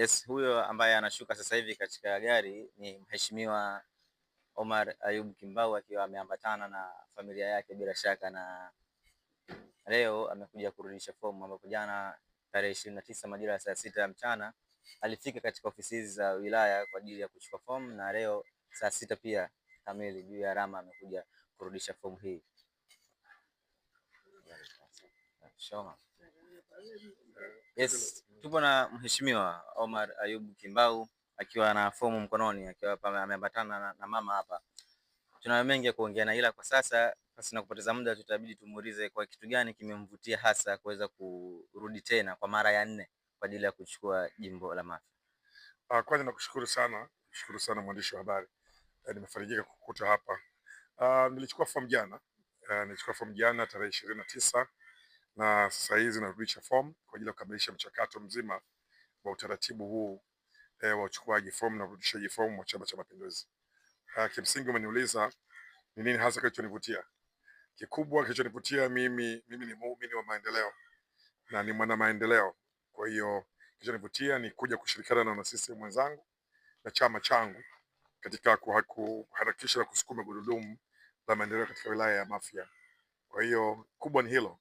Yes, huyo ambaye anashuka sasa hivi katika gari ni Mheshimiwa Omar Ayub Kimbau akiwa ameambatana na familia yake bila shaka, na leo amekuja kurudisha fomu, ambapo jana tarehe ishirini na tisa majira ya saa sita ya mchana alifika katika ofisi hizi za wilaya kwa ajili ya kuchukua fomu, na leo saa sita pia kamili juu ya alama amekuja kurudisha fomu hii. Shoma. Yes, tupo na Mheshimiwa Omar Ayubu Kimbau akiwa na fomu mkononi akiwa ameambatana na mama hapa. Tuna mengi ya kuongea na ila kwa sasa basi na kupoteza muda tutabidi tumuulize kwa kitu gani kimemvutia hasa kuweza kurudi tena kwa mara ya nne kwa ajili ya kuchukua jimbo la Mafia. Ah, kwanza nakushukuru sana. Nashukuru sana mwandishi wa habari. uh, nimefarijika kukuta hapa. uh, nilichukua fomu jana. uh, nilichukua fomu jana tarehe ishirini na tisa na sasa hizi narudisha fomu kwa ajili ya kukamilisha mchakato mzima wa utaratibu huu e, wa uchukuaji fomu na urudishaji fomu wa Chama cha Mapinduzi. Ah, kimsingi umeniuliza ni nini hasa kilichonivutia. Kikubwa kilichonivutia mimi, mimi ni muumini wa maendeleo na ni mwana maendeleo, kwa hiyo kilichonivutia ni kuja kushirikiana na wanasisiemu wenzangu na chama changu katika kuharakisha na kusukuma gurudumu la maendeleo katika wilaya ya Mafia. Kwa hiyo kubwa ni hilo.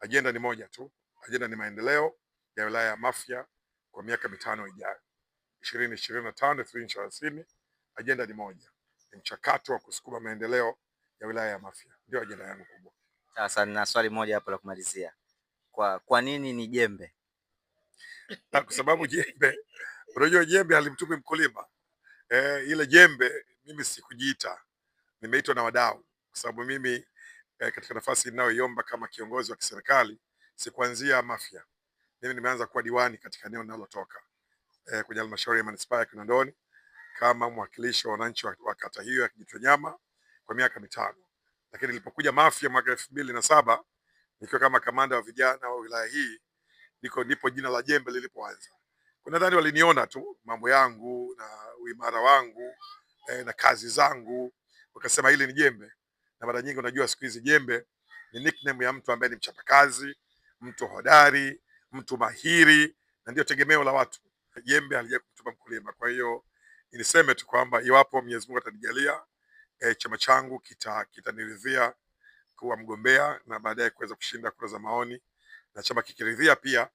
Ajenda ni moja tu, ajenda ni maendeleo ya wilaya ya Mafia kwa miaka mitano ijayo, ishirini ishirini na tano ishirini thelathini. Ajenda ni moja, ni mchakato wa kusukuma maendeleo ya wilaya ya Mafia, ndio ajenda yangu kubwa. Sasa nina swali moja hapo la kumalizia, kwa kwa nini ni jembe? Kwa sababu jembe, unajua jembe halimtupi mkulima. E, ile jembe mimi sikujiita, nimeitwa na wadau, kwa sababu mimi eh, katika nafasi ninayoiomba kama kiongozi wa kiserikali sikuanzia Mafia. Mimi nimeanza kuwa diwani katika eneo ninalotoka eh, kwenye halmashauri ya manispaa ya Kinondoni kama mwakilishi wa wananchi wa kata hiyo ya Kijitonyama kwa miaka mitano, lakini nilipokuja Mafia mwaka elfu mbili na saba nikiwa kama kamanda wa vijana wa wilaya hii ndiko ndipo jina la jembe lilipoanza. Kuna nadhani waliniona tu mambo yangu na uimara wangu eh, na kazi zangu wakasema hili ni jembe na mara nyingi unajua siku hizi jembe ni nickname ya mtu ambaye ni mchapakazi, mtu hodari, mtu mahiri na ndio tegemeo la watu. Jembe halijawahi kumtupa mkulima. Kwa hiyo niseme tu kwamba iwapo Mwenyezi Mungu atanijalia, e, chama changu kitaniridhia kuwa mgombea na baadaye kuweza kushinda kura za maoni, na chama kikiridhia pia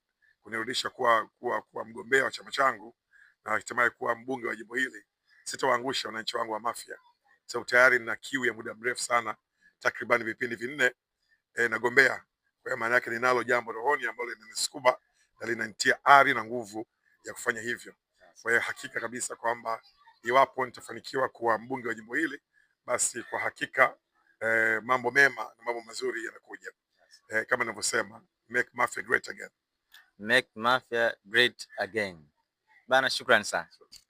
kunirudisha kuwa, kuwa, kuwa mgombea wa chama changu na hatimaye kuwa mbunge wa jimbo hili, sitawaangusha wananchi wangu wa Mafia sababu tayari nina kiu ya muda mrefu sana, takriban vipindi vinne e, nagombea. Kwa hiyo maana yake ninalo jambo rohoni ambalo linanisukuma na linanitia ari na nguvu ya kufanya hivyo. Kwa hiyo hakika kabisa kwamba iwapo nitafanikiwa kuwa mbunge wa jimbo hili, basi kwa hakika eh, mambo mema na mambo mazuri yanakuja. Eh, kama ninavyosema make Mafia great again. Make Mafia great again. Bana, shukrani sana.